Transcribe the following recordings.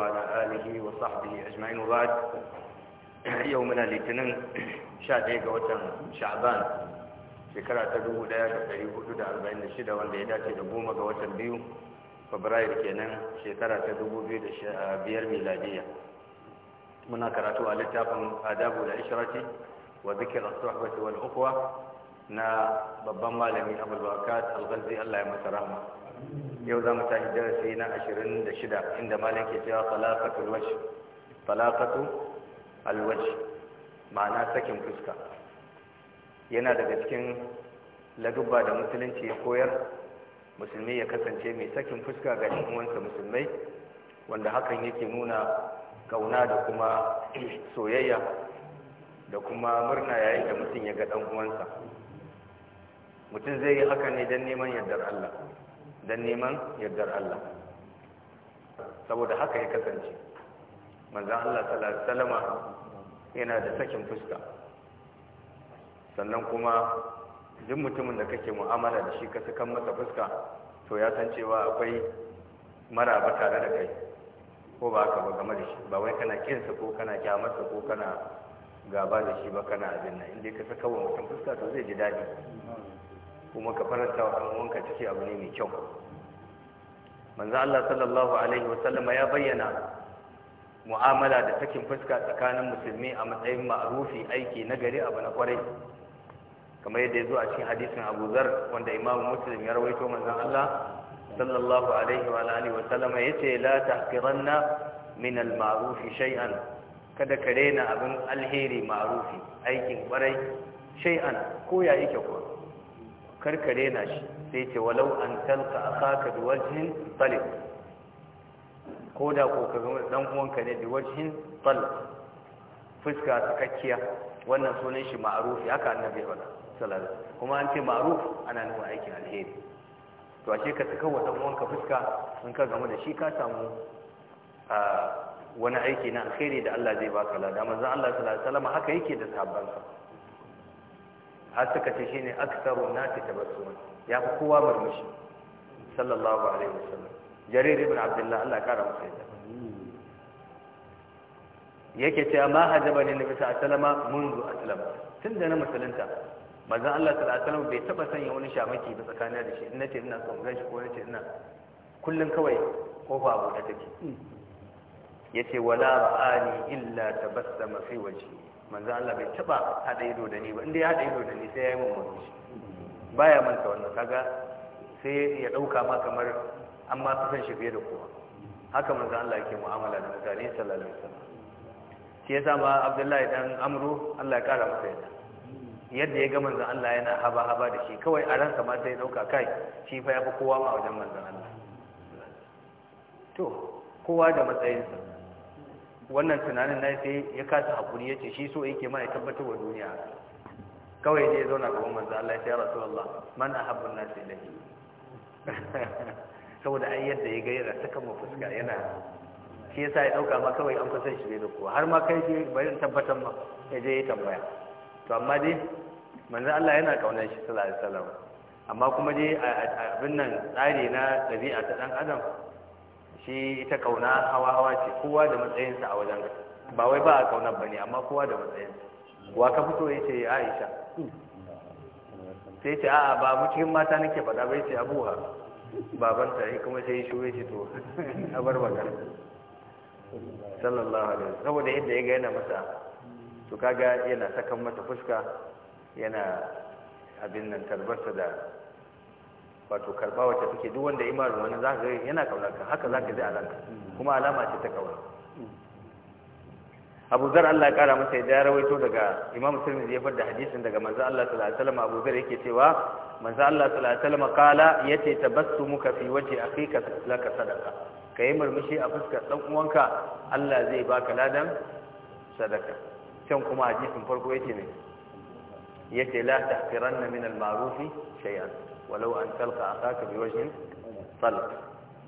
وعلى آله وصحبه أجمعين وبعد يومنا الاثنين شادي قوتن شعبان shekara ta dubu da da da hudu arba'in shida wanda ya dace da goma ga watan biyu fabrairu kenan shekara ta dubu biyu da 2005 miladiya muna karatu a littafin adabu da ishirati wa zikir as-suhbati na babban malamin Abdul Bakat Allah ya masa rahma yau za mu tashi darasi na ashirin da shida inda malam ke cewa falakatul falakatu ma'ana sakin fuska yana daga cikin ladubba da musulunci ya koyar musulmi ya kasance mai sakin fuska ga uwansa musulmai wanda hakan yake nuna kauna da kuma soyayya da kuma murna yayin da mutum ya ga ɗan uwansa mutum zai yi haka ne don neman yardar Allah don neman yardar Allah saboda haka ya kasance manzan Allah salama yana da sakin fuska sannan kuma duk mutumin da kake mu'amala da shi ka sakan masa fuska to ya san cewa akwai maraba tare da kai ko ba haka ba game da shi ba wai kana kinsa ko kana kyamarsa ko kana gaba da shi ba kana abin nan inda ka saka wa mutum fuska to zai ji daɗi kuma ka faranta wa al'ummanka ciki abu ne mai kyau manzo Allah sallallahu alaihi wasallama ya bayyana mu'amala da sakin fuska tsakanin musulmi a matsayin ma'rufi aiki na gari abu na kwarai kamar yadda ya zo a cikin hadisin Abu Zar wanda Imam Muslim ya rawaito manzo Allah sallallahu alaihi wa alihi wasallama yace la tahqiranna min al-ma'ruf shay'an kada ka rena abin alheri ma'rufi aikin kwarai shay'an ko ya yake ko karkare na shi sai ce walau an talka haka da wajen talib ko da ko ka ga dan ka ne da wajen talib fuska ta kakkiya wannan sunan shi ma'rufi haka annabi ya faɗa sallallahu alaihi wasallam kuma an ce maaruf ana nufin aikin alheri to a ka ta wa dan uwanka fuska in ka gamu da shi ka samu wani aiki na alheri da Allah zai baka lada manzon Allah sallallahu alaihi wasallam haka yake da sahabbansa har suka ce shine aktsaru nati tabassum ya fi kowa murmushi sallallahu alaihi wasallam jarir ibn abdullah Allah kara masa yadda yake cewa ma hajaba ne nabi sallama mundu aslam tunda na musulunta manzon Allah sallallahu alaihi wasallam bai taba sanya wani shamaki ba tsakanin da shi Ina ce ina son ganshi ko nace ina kullun kawai kofa abu da take yace wala ra'ani illa tabassama fi wajhi manzo Allah bai taba hada ido da ni ba inda ya hada ido da ni sai ya yi mun baya manta wannan kaga sai ya dauka ma kamar an ma fi san shi fiye da kowa haka manzo Allah yake mu'amala da mutane sallallahu alaihi wasallam shi yasa ma Abdullahi dan Amru Allah ya kara masa yadda yadda ya ga manzo Allah yana haba haba da shi kawai a ransa ma sai ya dauka kai shi fa yafi kowa ma wajen manzo Allah to kowa da matsayinsa wannan tunanin na sai ya kasa hakuri ya ce shi so yake ma ya tabbatar wa duniya kawai ne ya zauna gaban manzo Allah ya Allah man na sai ilayhi saboda an yadda ya gaira ta kama fuska yana shi sa ya ɗauka ma kawai an kusan shi ne da kowa har ma kai je bari tabbatar ma ya je ya tambaya to amma dai manzan Allah yana kaunar shi sallallahu alaihi wasallam amma kuma dai abin nan tsari na ɗabi'a ta ɗan adam shi ita kauna hawa hawa ce kowa da matsayinsa a wajen ba wai ba a kauna ba ne amma kowa da matsayinsa wa ka fito ya ce aisha sai ce a ba mu mata nake faɗa bai ce abuwa babanta ya kuma sai shi ya ce to a bar bakar sallallahu alaihi saboda yadda ya ga yana masa to kaga yana sakan mata fuska yana abin nan tarbarsa da wato karba wacce take duk wanda ima da wani zaka yana kaunar ka haka za ka zai ranka kuma alama ce ta kaunar Abu Zar Allah ya kara masa ya rawaito daga Imam musulmi zai fadda hadisin daga manzo Allah sallallahu alaihi wasallam Abu Zar yake cewa manzo Allah sallallahu alaihi wasallam kala yace muka fi waje akhika laka sadaqa kai murmushi a fuskar dan uwanka Allah zai baka ladan sadaka can kuma hadisin farko yace ne yace la tahqiranna min al-ma'rufi shay'an walau an talqa akaka bi wajhin talq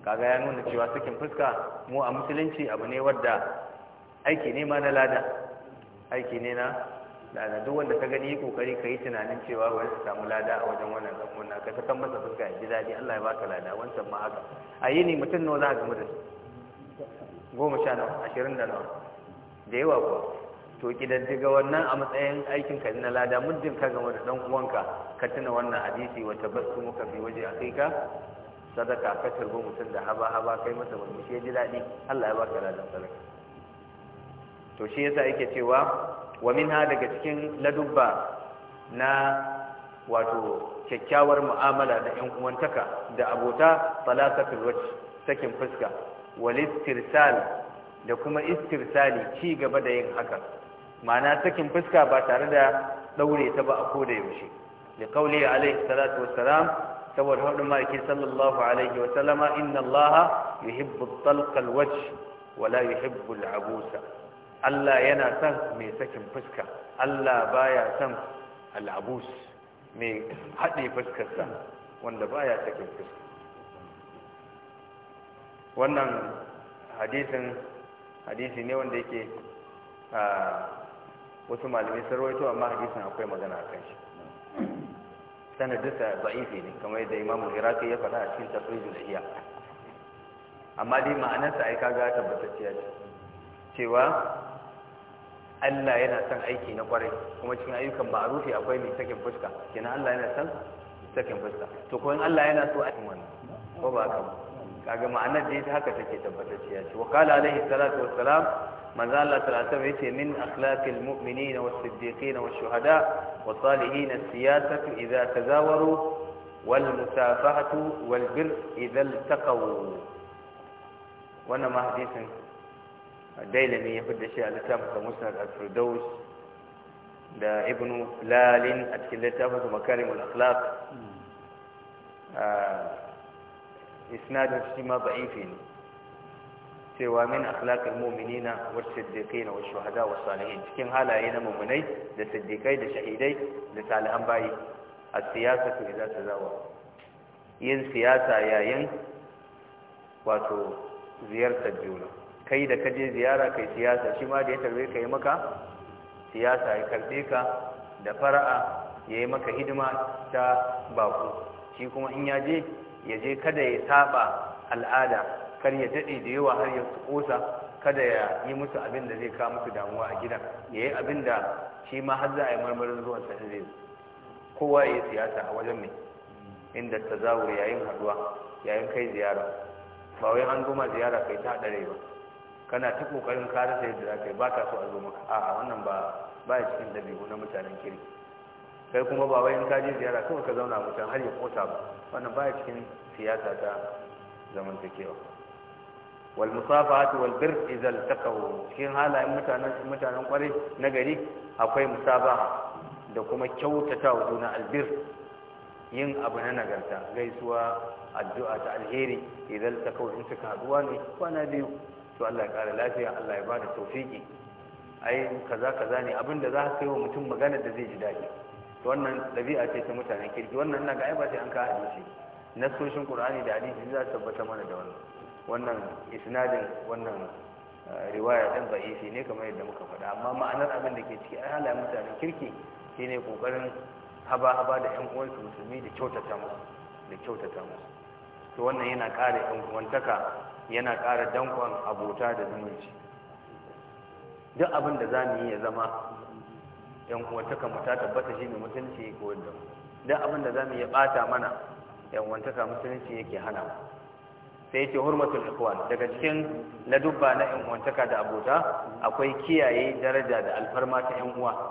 kaga ya nuna cewa sakin fuska mu a musulunci abu ne wadda aiki ne ma na lada aiki ne na lada duk wanda ka gani yi kokari ka yi tunanin cewa wani su samu lada a wajen wannan zakon na ka sakan masa fuska ya ji daɗi Allah ya baka lada wancan ma haka a yi ne mutum nawa za a gamu da su goma sha nawa ashirin da nawa da yawa kuwa to ga wannan a matsayin aikin ka na lada muddin ka game da dan uwanka ka tuna wannan hadisi wa tabassumu ka fi waje akika sadaka ka tarbo mutum da haba haba kai masa murmushi ya ji daɗi Allah ya baka ladan sadaka to shi yasa yake cewa wa minha daga cikin ladubba na wato kyakkyawar mu'amala da ƴan uwantaka da abota talaqatul wajh sakin fuska wal istirsal da kuma istirsali ci gaba da yin haka ma'ana sakin fuska ba tare da daure ta ba a koda yaushe li qawli alaihi salatu wassalam saboda hadin ma'aiki sallallahu alaihi wasallama inna allaha yuhibbu at-talqa al-wajh wa la yuhibbu al-abusa Allah yana son mai sakin fuska Allah baya son al'abus mai hade fuskarsa wanda baya sakin fuska wannan hadisin hadisi ne wanda yake a ah, wasu malamai sun rawaito amma hadisin akwai magana a kan shi sanadinsa ba'ifi ne kamar yadda imamu iraki ya faɗa a cikin da iya amma dai ma'anarsa ai kaga tabbatacciya ce cewa Allah yana son aiki na kwarai kuma cikin ayyukan rufe akwai mai sakin fuska kenan Allah yana son sakin fuska to ko in Allah yana so a cikin wannan ko ba haka ba kaga ma'anar dai ta haka take tabbatacciya ce wa qala alaihi salatu wassalam مازال تلاته من اخلاق المؤمنين والصديقين والشهداء والصالحين السياسه اذا تزاوروا والمسافحه والبر اذا التقوا وانا ما حديث الديلمي يفد شيء على كتابه مسند الفردوس ده ابن لال اتكلم في مكارم الاخلاق اسناده آه... شيء ما ضعيفين cewa min akhlaqil mu'minina was-siddiqina wash-shuhada was-salihin cikin halaye na mu'minai da siddiqai da shahidai da salihan bayi ko idan ta zawa yin siyasa yayin wato ziyartar juna kai da kaje ziyara kai siyasa shi ma da ya tarbe kai maka siyasa ya karbe ka da fara'a yayi maka hidima ta baku shi kuma in ya je ya je kada ya saba al'ada kar ya daɗe da yawa har ya tsosa kada ya yi musu abin da zai kawo musu damuwa a gidan ya yi abin da shi ma har za a yi marmarin zuwan sa zai kowa ya yi siyasa a wajen mai inda ta zawur yayin haduwa yayin kai ziyara ba wai an goma ziyara kai ta haɗare ba kana ta ƙoƙarin ka rasa da za ka yi ba ka so a zo maka a'a wannan ba ba ya cikin dabi'u na mutanen kiri. kai kuma ba wai in ka je ziyara kawai ka zauna mutum har ya kosa ba wannan ba ya cikin siyasa ta zamantakewa wal musafahatu wal bir idza iltaqaw cikin halayen mutanen mutanen kwarai na gari akwai musabaha da kuma kyautata wa juna albir yin abu na nagarta gaisuwa addu'a ta alheri idan iltaqaw in suka haduwa ne kwana biyu to Allah ya kara lafiya Allah ya bada tawfiki ai kaza kaza ne abinda za ka yi wa mutum magana da zai ji daɗi to wannan dabi'a ce ta mutanen kirki wannan na ga ai ba sai an qur'ani da hadisi za su tabbata mana da wannan wannan isnadin wannan eh, riwaya ɗan ba'ifi ne kamar yadda muka faɗa amma ma'anar abin da ke ciki a halaye mutanen kirki shine ƙoƙarin haba-haba da 'yan uwansu musulmi da kyautata musu da kyautata musu to wannan yana ƙara 'yan uwantaka yana ƙara dankon abota da zumunci duk abin da za mu yi ya zama ƴan uwantaka mu ta tabbata shi ne mutunci ko yadda duk abin da za mu yi ya ɓata mana ƴan uwantaka musulunci yake hana mu sai yake hurmatul ikwan daga cikin ladubba na yan'uwantaka uwantaka da abota akwai kiyaye daraja da alfarma ta yan uwa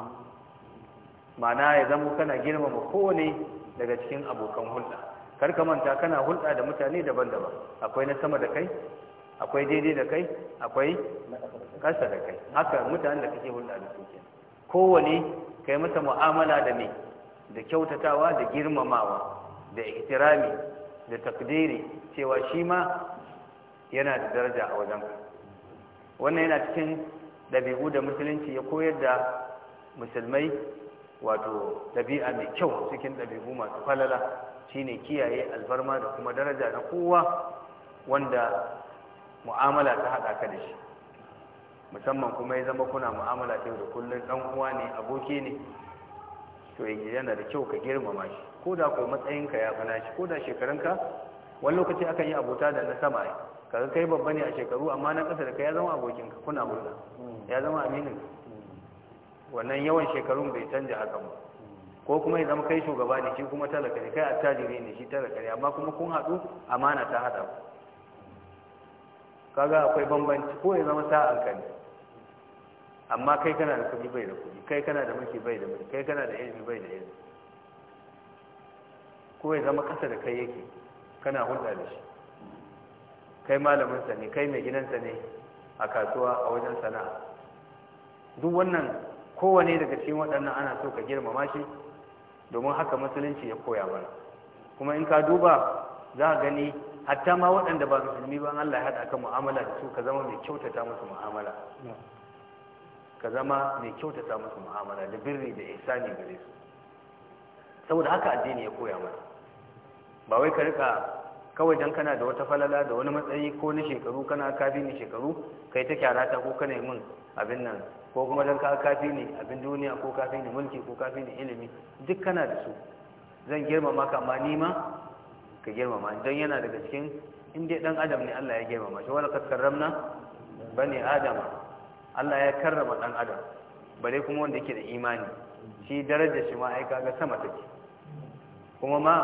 ma'ana ya zama kana girmama kowane daga cikin abokan hulɗa kar ka manta kana hulɗa da mutane daban-daban akwai na sama da kai akwai daidai da kai akwai ƙasa da kai haka mutane da kake hulɗa da su kowane kai masa mu'amala da me da kyautatawa da girmamawa da ihtirami da takdiri cewa shi ma yana da daraja a wajen wannan yana cikin ɗabi'u da musulunci ya koyar da musulmai wato ɗabi'a mai kyau cikin ɗabi'u masu falala shine kiyaye alfarma da kuma daraja na kowa wanda mu'amala ta haɗa ka da shi musamman kuma ya zama kuna mu'amala yau da kullum ɗan uwa ne aboki ne to yana da kyau ka girmama shi ko da ko matsayinka ya fana shi ko da shekarunka wani lokaci akan yi abota da na sama ya kaga kai babba ne a shekaru amma na ƙasa da kai ya zama abokinka kuna murna hmm. ya zama aminin hmm. wannan yawan shekarun bai canja haka ba hmm. ko kuma ya zama kai shugaba ne shi kuma talaka ne kai attajiri ne shi talaka ne amma kuma kun haɗu amana ta haɗa kaga akwai bambanci ko ya zama sa'an ka ne amma kai kana da kuɗi bai da kuɗi kai kana da mulki bai da mulki kai kana da ilimi bai da ilimi ko ya zama kasa da kai yake kana hulɗa da shi kai sa ne kai mai gidansa ne a kasuwa a wajen sana'a duk wannan kowane daga cikin waɗannan ana so ka girmama shi domin haka musulunci ya koya mana kuma in ka duba za ka gani hatta ma waɗanda ba musulmi ba Allah ya haɗa ka mu'amala da su ka zama mai kyautata musu mu'amala ka zama mai kyautata musu mu'amala da birri da ihsani gare su saboda haka addini ya koya mana ba wai ka rika kawai dan kana da wata falala da wani matsayi ko na shekaru kana kafi ni shekaru kai ta kyarata ko kana mun abin nan ko kuma dan ka kafi ni abin duniya ko kafi ni mulki ko kafi ni ilimi duk kana da su zan girmama ka amma ni ma ka girmama don yana daga cikin dai dan adam ne Allah ya girmama shi wala kad karramna bani adama Allah ya karrama dan adam bare kuma wanda yake da imani shi darajar shi ma ai kaga sama take kuma ma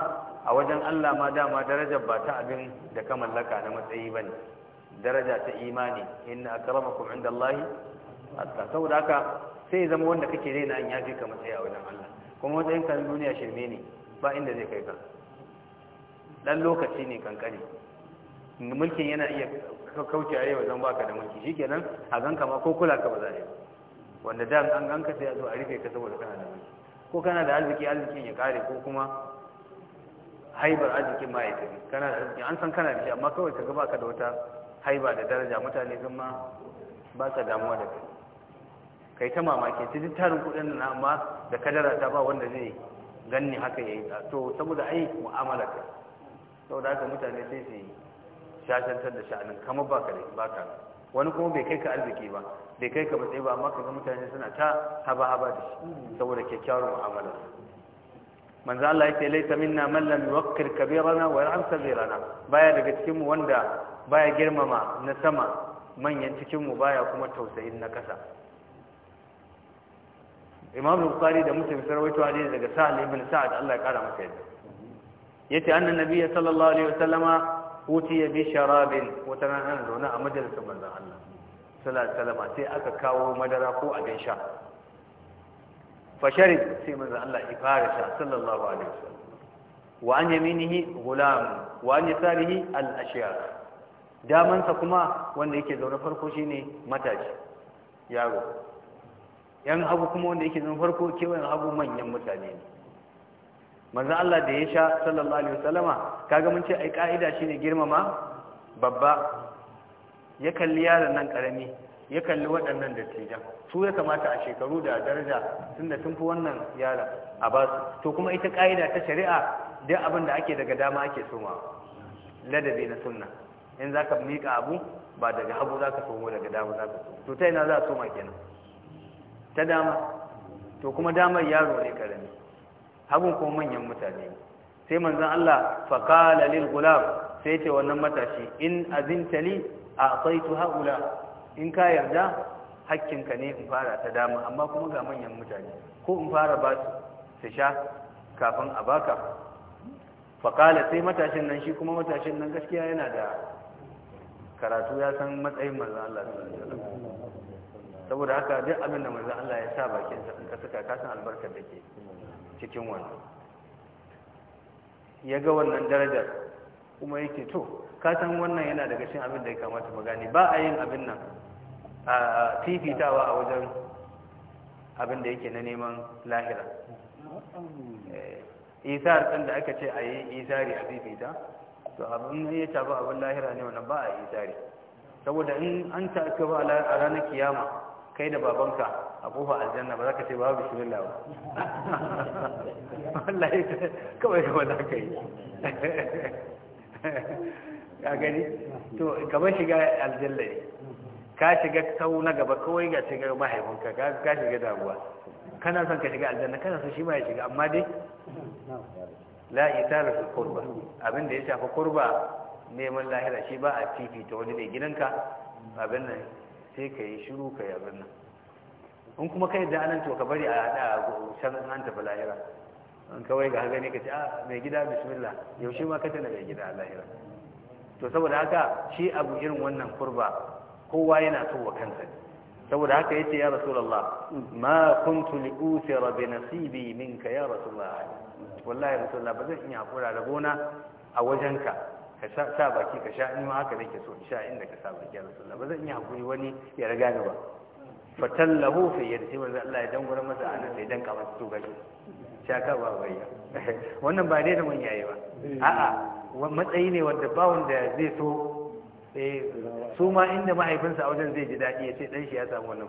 a wajen Allah ma dama darajar ba ta abin da ka mallaka na matsayi bane daraja ta imani inna akramakum indallahi hatta saboda haka sai zama wanda kake rena an yafi ka matsayi a wajen Allah kuma matsayin ka na duniya shirme ne ba inda zai kai ka dan lokaci ne kankani mulkin yana iya kauce a yi wajen baka da mulki shikenan a ganka ma ko kula ka ba za a yi wanda da an ganka sai a zo a rufe ka saboda kana da mulki ko kana da arziki arzikin ya kare ko kuma haibar arzikin ma ya tafi kana da arziki an san kana da shi amma kawai ka ga baka da wata haiba da daraja mutane sun ma ba ka damuwa da kai kai ta mamaki ta duk tarin kuɗin nan amma da kadara ta ba wanda zai ganni haka yayi to saboda ai mu'amala ka saboda haka mutane sai su yi shashantar da sha'anin kamar baka da ba ka wani kuma bai kai ka arziki ba bai kai ka matsayi ba amma kaga mutane suna ta haba haba da shi saboda kyakkyawar mu'amala manzo Allah yake laita minna man lam yuwaqqir kabirana wa yarham sabirana baya daga cikin mu wanda baya girmama na sama manyan cikin mu baya kuma tausayin na kasa Imam Bukhari da Muslim sarwaito hadisi daga Sa'ad ibn Sa'ad Allah ya kara masa yadda yace annan nabiyyi sallallahu alaihi wasallama utiya bi sharabin wata nan ana zaune a majalisar manzon Allah sallallahu alaihi sai aka kawo madara ko abin sha fa sharib sai manzon Allah ya fara sha sallallahu alaihi wasallam wa an yaminihi gulam wa an yasarihi al ashyaq daman sa kuma wanda yake zaune farko shine matashi yaro yan abu kuma wanda yake zaune farko kewayen abu manyan mutane ne manzan Allah da ya sha sallallahu alaihi wasallama kaga mun ce ai ka'ida ne girmama babba ya kalli yaran nan ƙarami ya kalli waɗannan da tijan su ya kamata a shekaru da daraja tunda sun fi wannan yara a ba su to kuma ita ƙa'ida ta shari'a duk abin da ake daga dama ake soma ladabi na sunna in ka miƙa abu ba daga za ka somo daga dama zaka somo to ta ina za a soma kenan ta dama to kuma damar yaro ne karami hagun kuma manyan mutane sai manzon Allah fa qala lil gulam sai ce wannan matashi in azintali a'taitu haula in ka yarda hakkinka ne in fara ta dama amma kuma ga manyan mutane ko in fara ba su su sha kafin a baka faƙala sai matashin nan shi kuma matashin nan gaskiya yana da karatu ya san matsayin manzan Allah saboda haka duk abin da manzan Allah ya sa bakinsa in ka suka kasan albarkar da ke cikin wannan ya ga wannan darajar kuma yake to kasan wannan yana daga cin abin da ya kamata mu gane ba a yin abin nan a fifitawa a wajen abin da yake na neman lahira eh, isar ɗin da aka ce a yi isari a fifita to abin da ya taba abin lahira ne wannan ba a isari saboda in an ta ba a ranar kiyama kai da babanka a kofa aljanna ba za ka ce ba babu bismillah ba wallahi kawai kama za ka yi ya gani to kamar shiga aljanna ne ka shiga tau na gaba kawai ga shiga mahaifinka ka shiga damuwa kana son ka shiga aljanna kana son shi ma ya shiga amma dai la itala fi kurba abinda ya shafa kurba neman lahira shi ba a fifita wani ne gidanka abin nan sai ka yi shiru ka yi abin nan in kuma kai da anan to ka bari a hada a can an tafi lahira in kawai ga gani ka ce a ah, mai gida bismillah yaushe ma ka tana mai gida a lahira to saboda haka shi abu irin wannan kurba kowa yana so wa kansa saboda haka yace ya rasulullah ma kuntu li usira bi nasibi minka ya rasulullah wallahi rasulullah bazan iya hakura da gona a wajenka ka sa baki ka sha in ma haka nake so in sha inda ka sa baki ya rasulullah ba zan iya hakuri wani ya riga ni ba fatallahu fi yadi sai manzo Allah ya dangura masa ana sai dan kamar to gashi ka ba bayya wannan ba dai da mun yayi ba a'a matsayi ne wanda ba wanda zai so eh, su ma inda mahaifinsa a wajen zai ji daɗi ya ce ɗan shi ya samu wannan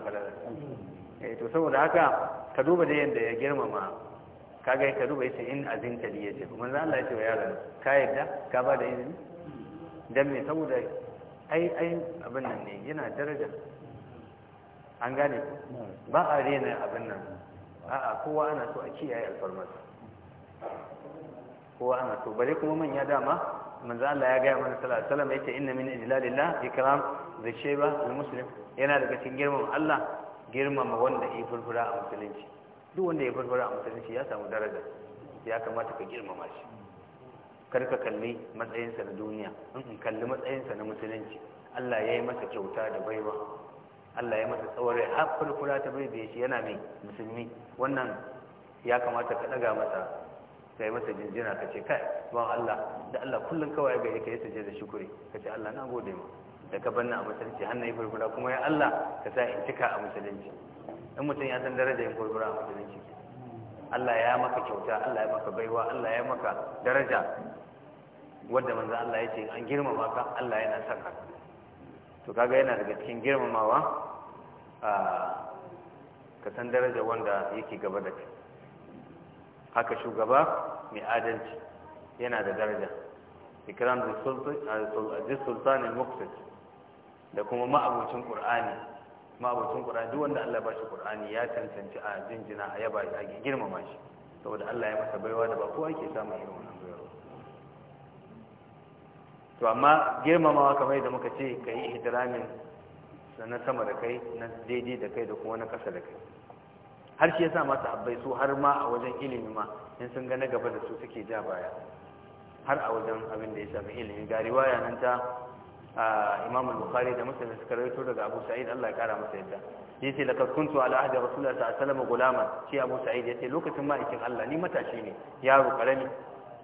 eh to saboda haka ka duba da yadda ya girmama kaga ka duba yace in azinta li yace kuma Allah yace wa yaron ka yadda ka ba da izini dan me saboda ai ai abin nan ne yana daraja an gane ba a rena abin nan a'a kowa ana so a kiyaye alfarmarsa kowa ana so bare kuma manya dama manzo Allah ya gaya mana sallallahu alaihi wasallam yace inna min ijlalillah ikram zai sheba al muslim yana daga cikin girman Allah girmama wanda ya furfura a musulunci duk wanda ya barbara a musulunci ya samu daraja ya kamata ka girmama shi kar ka kalli matsayinsa na duniya in kalli matsayinsa na musulunci Allah ya yi masa kyauta da baiwa Allah ya masa tsawar rai har furfura ta bai bai shi yana mai musulmi wannan ya kamata ka daga masa kai masa jinjina ka ce kai ba Allah da Allah kullum kawai ga yake ya sujje da shukuri ka ce Allah na gode maka da ka banna a musulunci hannun yi gurgura kuma ya Allah ka sa in cika a musulunci in mutum ya san daraja yin gurgura a musulunci Allah ya maka kyauta Allah ya maka baiwa Allah ya maka daraja wadda manzo Allah ya ce an girmama ka Allah yana son ka to kaga yana daga cikin girmamawa a ka san daraja wanda yake gaba da kai haka shugaba mai adalci yana da daraja ikram da sultan al-muqsit da kuma ma'abocin ƙur'ani ma'abocin ƙur'ani duk wanda Allah ba bashi ƙur'ani ya cancanci a jinjina a yaba a girmama shi saboda Allah ya masa baiwa da ba kowa ke samun irin wannan baiwa to amma girmamawa kamar da muka ce ka kai ihtiramin na sama da kai na daidai da kai da kuma na kasa da kai har shi yasa masu habbai su har ma a wajen ilimi ma in sun ga na gaba da su suke ja baya har a wajen abin da ya shafi ilimi ga riwaya ta A imam al-bukhari da muslim suka rawaito daga abu sa'id Allah ya kara masa yadda yace laqad kuntu ala ahdi rasulullahi sallallahu alaihi wasallam gulaman shi abu sa'id yace lokacin ma'aikin Allah ni matashi ne yaro karami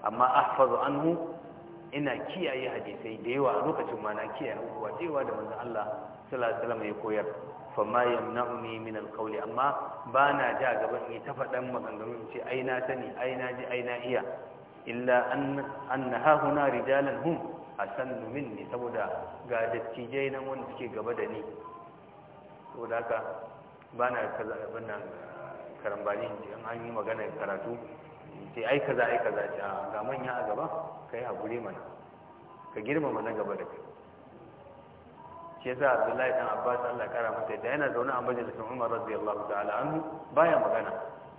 amma ahfazu anhu ina kiyaye hadisai da yawa a lokacin ma na kiyaye abubuwa cewa da manzon Allah sallallahu alaihi wasallam ya koyar fama yamna'uni min alqawli amma ba na ja gaba in ta fadan maganganu in ce ai na sani ai na ji ai na iya illa an annaha huna rijalan hum san domin ne saboda ga dattijai nan wanda suke gaba da ni saboda haka ba na kaza abin nan karambani in an an yi magana karatu sai ai kaza ai kaza ce ga manya a gaba ka yi haƙuri mana ka girmama na gaba da kai shi yasa abdullahi ɗan abbas allah kara mata da yana zaune a majalisar umar radiyallahu ta'ala al'adu baya magana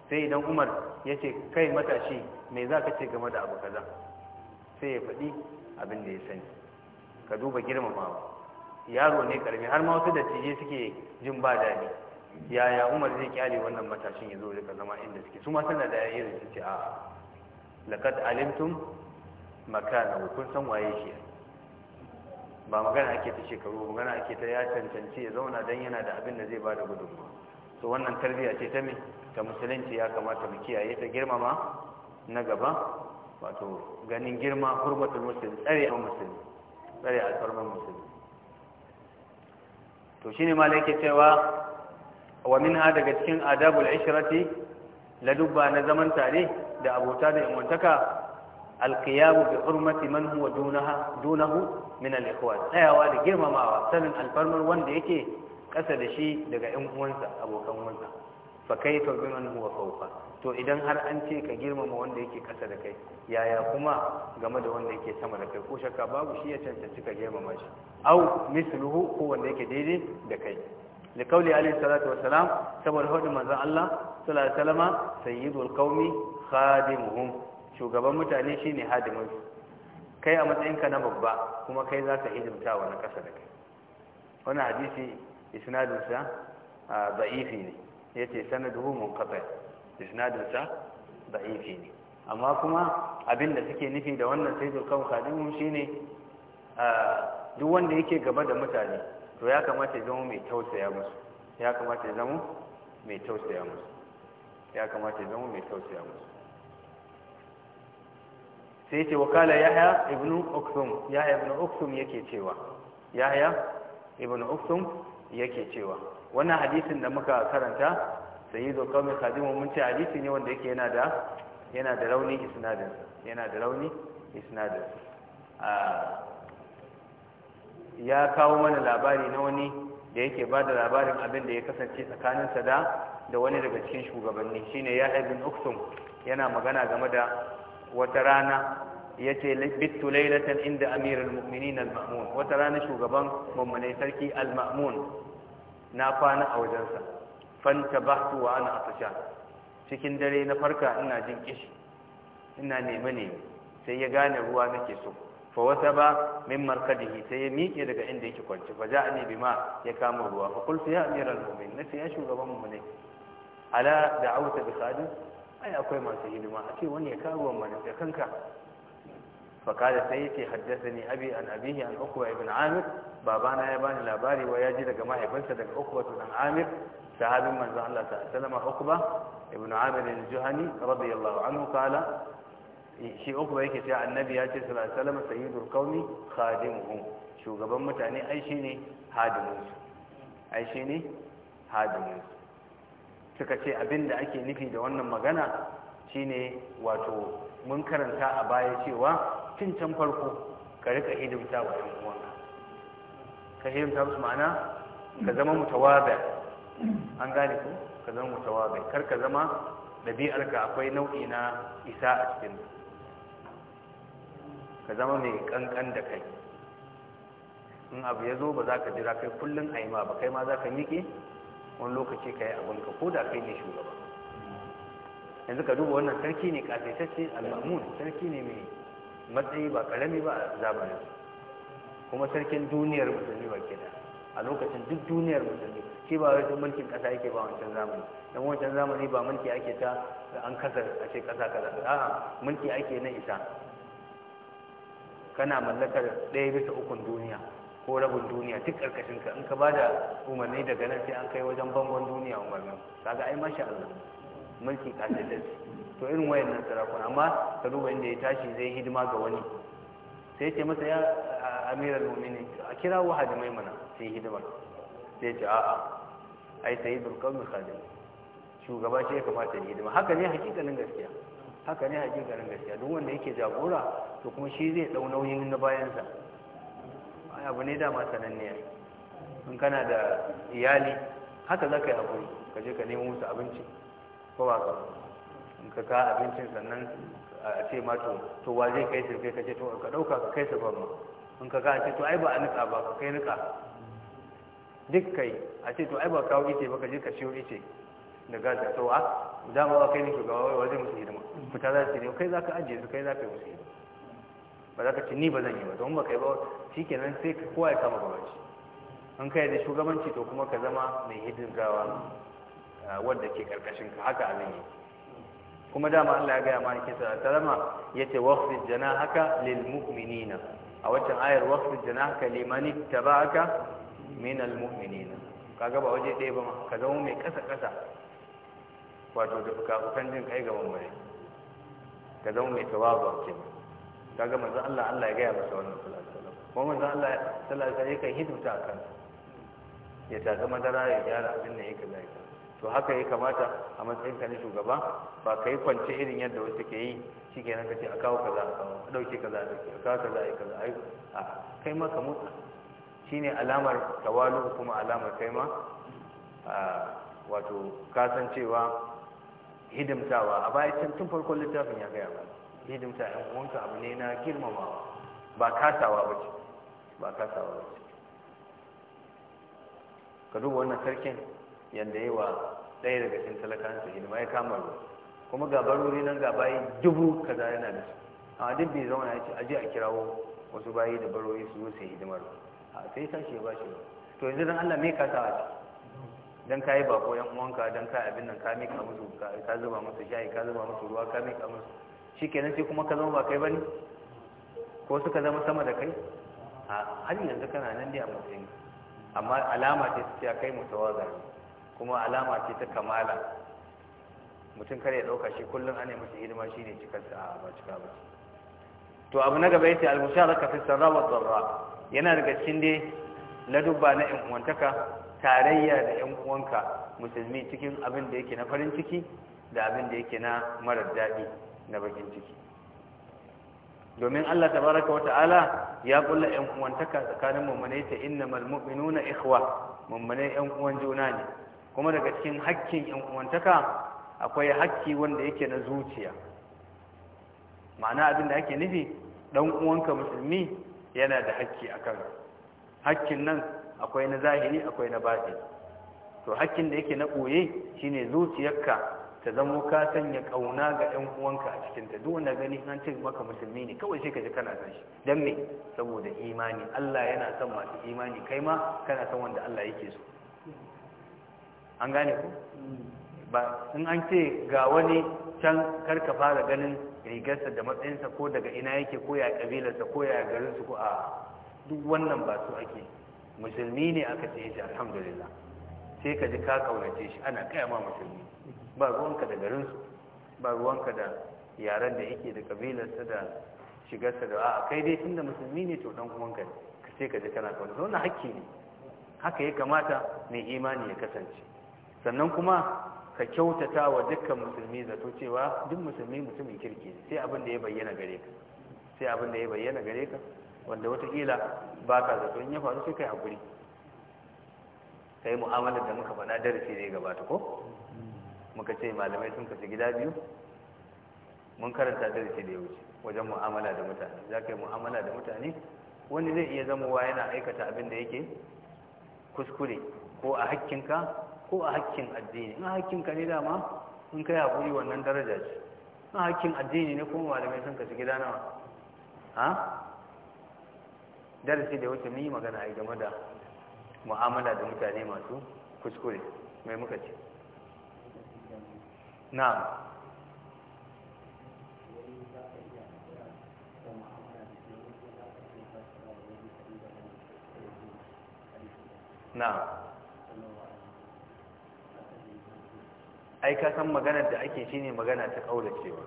sai idan umar ya ce kai matashi me za ka ce game da abu kaza sai ya faɗi abin da ya sani ka duba girmamawa yaro ne karami har ma wasu dattijai suke jin ba daɗi yaya umar zai kyale wannan matashin ya zo zama inda suke su ma suna da yayin da suke a laqad alimtum makana kun san waye shi ba magana ake ta shekaru magana ake ta ya cancanci ya zauna dan yana da abin da zai ba da gudunmawa to wannan tarbiyya ce ta me ta musulunci ya kamata mu kiyaye ta girmama na gaba wato ganin girma hurbatul musulmi tsare a musulmi tsare tsarmar musulmi to shi ne yake cewa wa ha daga cikin adabul ishrati la dubba na zaman tare da abota da imantaka alkiyabu bi hurmati man huwa dunaha dunahu min al tsayawa da girmamawa sanin alfarmar wanda yake kasa da shi daga ƴan uwansa abokan uwansa fa bi man huwa fawqa to idan har an ce ka girmama wanda yake kasa da kai yaya kuma game da wanda yake sama da kai ko shakka babu shi ya cancanci ka girmama shi au misluhu ko wanda yake daidai da kai li kauli alayhi salatu wa salam saboda hudu manzon Allah sallallahu alaihi wasallam sayyidul qaumi khadimuhum shugaban mutane shine hadimun kai a matsayinka na babba kuma kai zaka hidimta wa na kasa da kai wannan hadisi isnadinsa Ba'ifi ah, ne yace sanaduhu munqati' isnadinsa da'ifi ne amma kuma abin da suke nufi da wannan sayyidul qawm khadimun shine duk wanda yake gaba da mutane to ya kamata ya zama mai tausaya musu ya kamata ya zama mai tausaya musu ya kamata ya zama mai tausaya musu sai ce wakala yahya ibnu uksum yahya ibnu uksum yake cewa yahya ibnu uksum yake cewa wannan hadisin da muka karanta sayyidu qawmi khadimu mun ce hadisi ne wanda yake yana da yana da rauni isnadin yana da rauni isnadin ya kawo mana labari na wani da yake ba da labarin abin da ya kasance tsakaninsa da da wani daga cikin shugabanni shine ya ibn uktum yana magana game da wata rana ya ce bittu lailatan inda amirul mu'minin al-ma'mun wata rana shugaban mu'minai sarki al-ma'mun na kwana a wajensa fantabahtu wa ana atasha cikin dare na farka ina jin kishi ina neme ne sai ya gane ruwa nake so fa wata ba min markadihi sai ya miƙe daga inda yake kwanci fa ja'ani bima ya kama ruwa fa qultu ya amiral mu'minin nace ya shugaban mu ne ala da'awta bi khadim ai akwai masu hidima a ce wani ya kawo mana da kanka فقال سيتي حدثني أبي عن أبيه عن أخوة babana ya bani يباني لاباري وياجي لك ما يفنسى لك أخوة عن عامر sahabin manzon Allah sallallahu alaihi Uqba ibn Amir al-Juhani radiyallahu anhu kala shi Uqba yake cewa annabi ya ce sallallahu alaihi wasallam sayyidul qaumi khadimuhum shugaban mutane ai shine hadimin su ai shine hadimin su suka ce abinda ake nufi da wannan magana shine wato mun karanta a baya cewa tun can farko ka rika hidimta wa ɗan uwanka ka hidimta musu ma'ana ka zama mutawada an gane ku ka zama bai kar ka zama ɗabi'arka akwai nau'i na isa a cikin ka zama mai ƙanƙan da kai in abu ya zo ba za ka jira kai kullum a yi ma ba kai ma za ka miƙe wani lokaci ka yi abinka ko da kai ne shugaba yanzu ka duba wannan sarki ne ƙasaitacce al'amun sarki ne mai matsayi ba ƙarami ba a zamanin kuma sarkin duniyar musulmi ba ke da a lokacin duk duniyar musulmi shi ba wai mulkin kasa yake ba wancan zamani dan wancan zamani ba mulki ake ta da an kasar a ce kasa kaza a'a mulki ake na isa kana mallakar ɗaya bisa ukun duniya ko rabin duniya duk karkashin ka in ka ba da umarni daga nan sai an kai wajen bangon duniya umarnin kaga ai masha Allah mulki da to irin wayannan sarakuna amma ka duba inda ya tashi zai hidima ga wani sai ce masa ya amiral mumini a kira wa hadimai mana sai hidima. sai ce a'a ai sayyidul qawmi khadim shugaba shi ya kamata ya hidima haka ne nan gaskiya haka ne nan gaskiya duk wanda yake jagora to kuma shi zai dau nauyin na bayansa ai abu ne dama sananniya in kana da iyali haka za ka yi haƙuri ka je ka nemo musu abinci ko ba ka ka ka abincin sannan a ce ma to wa zai kai su kai ka ce to ka dauka ka kai su ban mu in ka ga ce to ai ba a nika ba ka kai nika duk kai a ce to ai ba kawo ice ba ka je ka siyo ice da gaza to a dama ba kai ne shugaba wa zai musu hidima fita za su ne kai za ka ajiye su kai za ka yi musu hidima ba za ka ce ni ba zan yi ba don ba kai ba shi kenan sai kowa ya kama gabanci in kai da shugabanci to kuma ka zama mai hidin gawa wadda ke karkashin ka haka abin yi. kuma dama Allah ya gaya ma yake sa tarama yace waqfi janahaka lilmuminina, a waccan ayar waqfi janahaka liman ittaba'aka min almu'minina kaga ba waje ɗaya ba ka zama mai kasa kasa wato da kan jin kai gaban bare ka zama mai tawazu ke kaga manzo Allah Allah ya gaya masa wannan sallallahu alaihi wasallam kuma manzo Allah sallallahu alaihi wasallam yake hidimta kan ya ta zama dara ya gyara abin da yake zai to haka ya kamata a matsayin ka ne shugaba ba ka yi kwance irin yadda wasu ke yi shi ke nan ka ce a kawo kaza a kawo a ɗauke kaza a ɗauke a kawo kaza a yi kaza a yi a kai ma ka motsa shi ne alamar tawalu kuma alamar kai ma wato kasancewa hidimtawa a baya can tun farkon littafin ya gaya ba hidimta yan uwanka abu ne na girmamawa ba kasawa ba ce ba kasawa ba ce ka duba wannan sarkin yanda yi wa ɗaya daga cikin talakan su hidima ya kama ruwa kuma ga wuri nan ga bayi dubu kaza yana da su amma duk bai zauna ya ce aje a kirawo wasu bayi da barori su wuce hidimar a sai tashi ya bashi to yanzu dan Allah me ka sa Don dan ka yi bako yan uwanka dan ka abin nan ka mika musu ka zuba musu shayi ka zuba musu ruwa ka mika musu shikenan sai kuma ka zama ba kai bane ko suka zama sama da kai a har yanzu kana nan dai a matsayin amma alama ce ta kai mutawaza ne kuma alama ce ta kamala mutum kare ya ɗauka shi kullum ana mashi hidima shi ne cikarsa a ba cika ba to abu na gaba yace al-musharaka fi sarra wa tsarra yana daga cikin dai dubba na ƴan uwantaka tarayya da ƴan uwanka musulmi cikin abin da yake na farin ciki da abin da yake na marar daɗi na bakin ciki domin Allah tabaraka wata'ala ya kulla ƴan uwantaka tsakanin mummune ta innamal mu'minuna ikhwa mummune ƴan uwan juna ne kuma daga cikin hakkin yan uwantaka akwai hakki wanda yake na zuciya ma'ana abin da ake nufi dan uwanka musulmi yana da hakki akan hakkin nan akwai na zahiri akwai na batin to hakkin da yake na boye shine zuciyarka ta zamo ka sanya kauna ga yan uwanka a cikin ta duk wanda gani an ce maka musulmi ne kawai sai ka ji kana san shi dan me saboda imani Allah yana son masu imani kai ma kana son wanda Allah yake so an gane ku ba in an ce ga wani can karka fara ganin rigarsa da matsayinsa ko daga ina yake ko ya kabilarsa ko ya garinsu ko a duk wannan ba su ake musulmi ne aka ce shi alhamdulillah sai ka ji ka kaunace shi ana kaya ma musulmi ba ruwanka da garinsu ba ruwanka da yaren da yake da kabilarsa da shigarsa da a kai dai tunda musulmi ne to dan uwanka ne sai ka ji kana kaunace wannan hakki ne haka ya kamata mai imani ya kasance sannan kuma ka kyautata wa dukkan musulmi zato cewa duk musulmi mutumin kirki sai abin da ya bayyana gare ka sai abin da ya bayyana gare ka wanda watakila ba ka zato in ya faru sai kai hakuri kai mu'amalar da muka faɗa darasi ne gabata ko muka ce malamai sun kasu gida biyu mun karanta darasi da ya wuce wajen mu'amala da mutane za ka yi mu'amala da mutane wani zai iya zamowa yana aikata abin da yake kuskure ko a hakkinka ko a hakkin addini in hakkin ka ne dama in kai haƙuri wannan daraja ce in hakkin addini ne kuma malamai sun kasu gida nawa ha darasi da wata ni magana a game da mu'amala da mutane masu kuskure mai muka ce na na ai ka san maganar da ake shine magana ta kaulacewa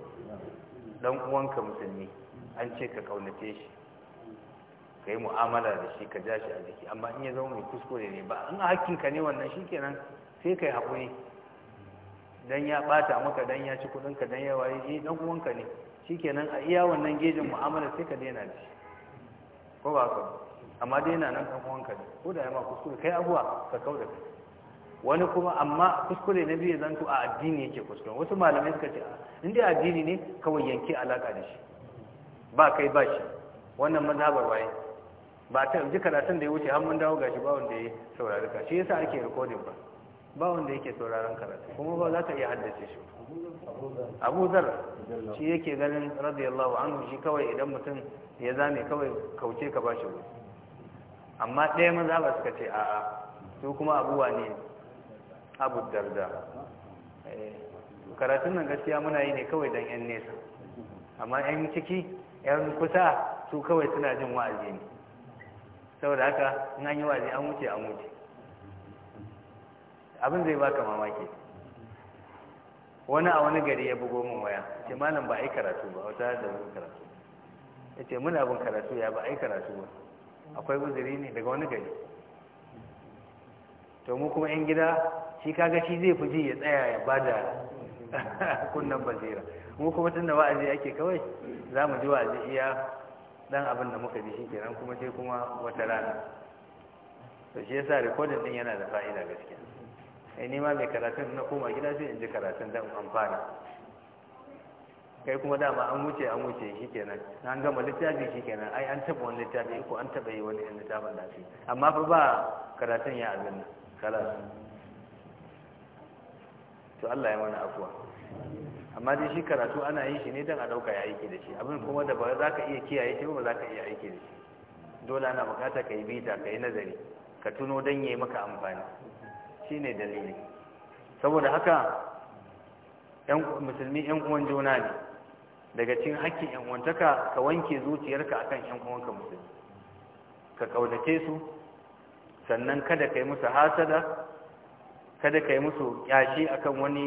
dan uwanka musulmi an ce ka kaunace shi ka yi mu'amala da shi ka ja shi a jiki amma in ya zama mai kuskure ne ba in ka ne wannan shi kenan sai ka yi haƙuri Dan ya ɓata maka dan ya ci kuɗinka dan ya waye shi eh, ɗan uwanka ne shi kenan a iya wannan gejin mu'amala sai ka daina da shi ko ba ka amma daina nan ɗan uwanka ne ko da ya ma kuskure kai abuwa ka kau da wani kuma amma kuskure na biyu zanto a addini yake kuskure wasu malamai suka ce ah, inda addini ne kawai yanke alaka da shi ba kai ba shi wannan mazhabar waye ba ta ji karatun da ya wuce har mun dawo gashi ba wanda ya saurari ka shi yasa ake recording ba ba wanda yake sauraron karatu kuma ba za ka iya haddace shi Abu Zar shi yake ganin radiyallahu anhu shi kawai idan mutum ya zame kawai kauce ka shi amma ɗaya mazhabar suka ce a'a su kuma abuwa ne abu darda eh, karatun nan gaskiya muna yi ne kawai don 'yan nesa amma 'yan ciki 'yan kusa su kawai suna jin wa'azi ne saboda haka in an yi wa'azi an wuce an wuce abin zai baka mamaki wani a wani gari ya bugo min waya ce malam ba a yi karatu ba wata da wani karatu ya ce muna abin karatu ya ba a yi karatu ba akwai uzuri ne daga wani gari to mu kuma 'yan gida shi kaga shi zai fi ji ya tsaya ya bada kunnan basira mu kuma tun da wa'azi ake kawai za mu ji wa'azi iya dan abin da muka ji shi kenan kuma sai kuma wata rana to shi yasa rikodin din yana da fa'ida gaskiya ai ma mai karatun na koma gida sai in ji karatun dan amfana kai kuma dama an wuce an wuce shi kenan an gama littafi shi kenan ai an taba wani littafi ko an taba yi wani littafin da amma fa ba karatun ya abin kalas to Allah ya mana afuwa amma dai shi karatu ana yin shi ne don a dauka ya aiki da shi abin kuma da ba za ka iya kiyaye shi ba za ka iya aiki da shi dole ana bukata ka yi bita ka yi nazari ka tuno don yayi maka amfani shi ne dalili saboda haka musulmi yan uwan juna ne daga cikin hakkin yan uwantaka ka wanke zuciyarka akan yan uwanka musulmi ka kaunace su sannan kada ka yi musu hasada kada ka yi musu kyashi akan wani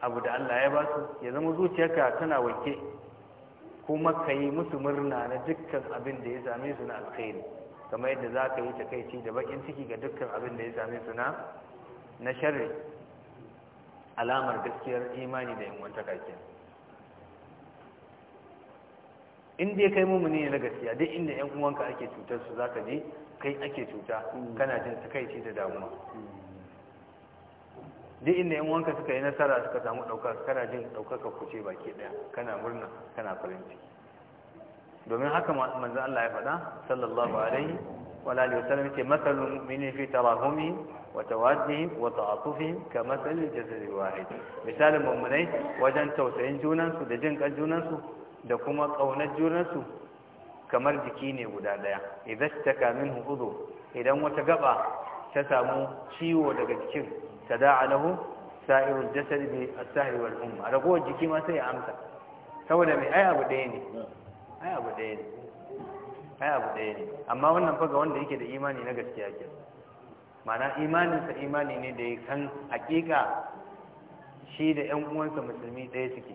abu da Allah ya ba su ya zama zuciyarka tana wake kuma ka yi musu murna na dukkan abin da ya same su na alkhairi kamar yadda za ka yi takaici da bakin ciki ga dukkan abin da ya same su na na sharri alamar gaskiyar imani da yanwanta kake in dai kai mumuni ne na gaskiya duk inda yan uwanka ake cutar su zaka je kai ake cuta kana jin takaici da damuwa duk inda yan wanka suka yi nasara suka samu ɗauka kana jin ɗaukaka kuce baki ɗaya kana murna kana farin ciki domin haka manzo Allah ya faɗa sallallahu alaihi wa alihi sallam ce masalul mu'mini fi tarahumi wa tawaddihim wa ta'atufi ka masalil jasadi wahid misalin mu'minai wajen tausayin junansu da jin kan junansu da kuma kaunar junansu kamar jiki ne guda daya idan ta kamin udu idan wata gaba ta samu ciwo daga jikin tada'a lahu sa'irul jasad bi as-sahr wal umma ragowar jiki ma sai ya amsa saboda mai ai abu ɗaya ne ai abu ɗaya ne ai abu ɗaya ne amma wannan fa ga wanda yake da imani na gaskiya ke ma'ana imaninsa imani ne da ya kan hakika shi da 'yan uwansa musulmi ɗaya suke